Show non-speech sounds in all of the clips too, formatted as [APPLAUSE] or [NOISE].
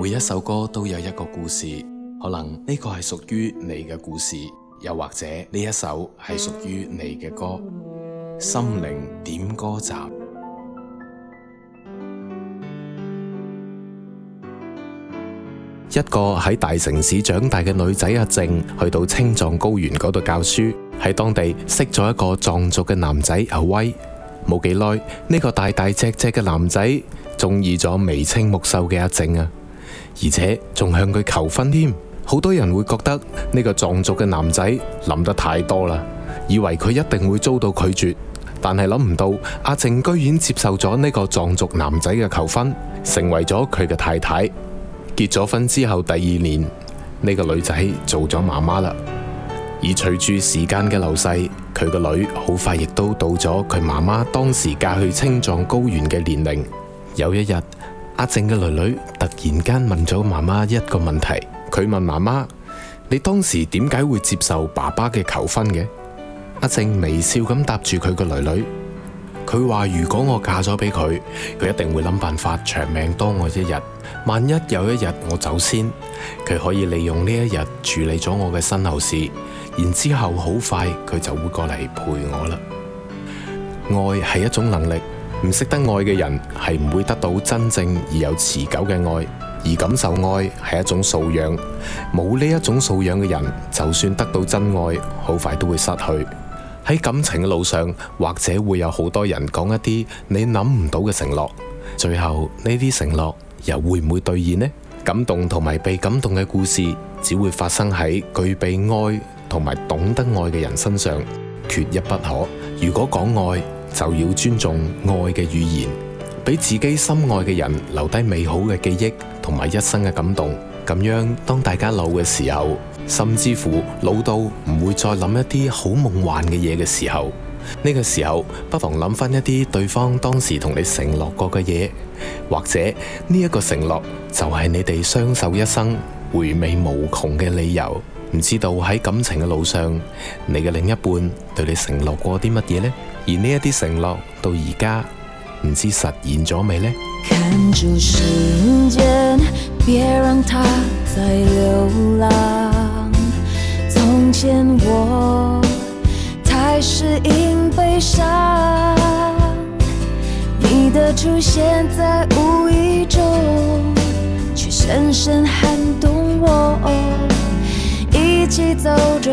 每一首歌都有一個故事，可能呢個係屬於你嘅故事，又或者呢一首係屬於你嘅歌。心靈點歌站， [MUSIC] 一個喺大城市長大嘅女仔阿靜，去到青藏高原嗰度教書，喺當地識咗一個藏族嘅男仔阿威。冇幾耐，呢個大大隻隻嘅男仔中意咗眉清目秀嘅阿靜啊！而且仲向佢求婚添，好多人會覺得呢個藏族嘅男仔諗得太多啦，以為佢一定會遭到拒絕。但係諗唔到，阿靜居然接受咗呢個藏族男仔嘅求婚，成為咗佢嘅太太。結咗婚之後第二年，呢個女仔做咗媽媽啦。而隨住時間嘅流逝，佢個女好快亦都到咗佢媽媽當時嫁去青藏高原嘅年齡。有一日，阿靜嘅女女突然間問咗媽媽一個問題，佢問媽媽：你當時點解會接受爸爸嘅求婚嘅？阿靜微笑咁答住佢個女女：「佢話如果我嫁咗畀佢，佢一定會諗辦法長命多我一日。萬一有一日我走先，佢可以利用呢一日處理咗我嘅身後事，然之後好快佢就會過嚟陪我啦。愛係一種能力。唔識得愛嘅人係唔會得到真正而有持久嘅愛，而感受愛係一種素養。冇呢一種素養嘅人，就算得到真愛，好快都會失去。喺感情嘅路上，或者會有好多人講一啲你諗唔到嘅承諾，最後呢啲承諾又會唔會兌現呢？感動同埋被感動嘅故事，只會發生喺具備愛同埋懂得愛嘅人身上，缺一不可。如果講愛，就要尊重愛嘅語言，俾自己心愛嘅人留低美好嘅記憶同埋一生嘅感動。咁樣，當大家老嘅時候，甚至乎老到唔會再諗一啲好夢幻嘅嘢嘅時候，呢個時候不妨諗翻一啲對方當時同你承諾過嘅嘢，或者呢一個承諾就係你哋相守一生回味無窮嘅理由。唔知道喺感情嘅路上，你嘅另一半對你承諾過啲乜嘢呢？而呢一啲承諾，到而家唔知實現咗未呢？看住時間別讓它再流浪。從前我我。太適應悲傷你的出現在無意中，卻深深撼動我一起走着。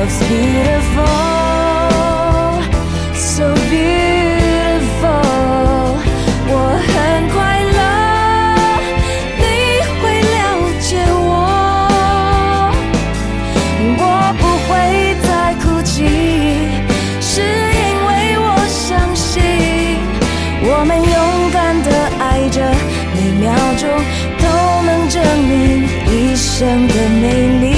Love's beautiful, so so beautiful beautiful 我很快樂，你會了解我。我不會再哭泣，是因為我相信，我們勇敢的愛着，每秒鐘都能證明一生的美麗。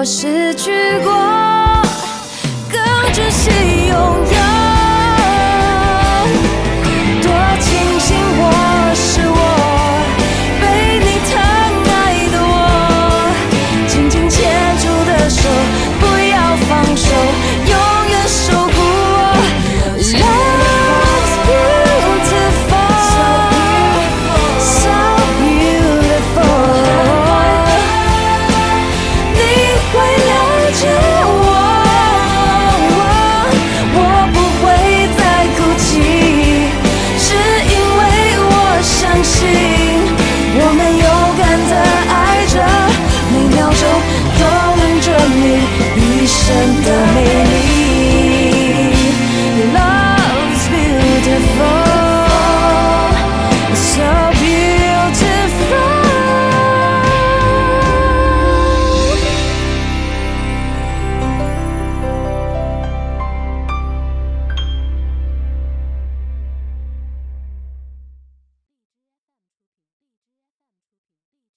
我失去過，更珍惜。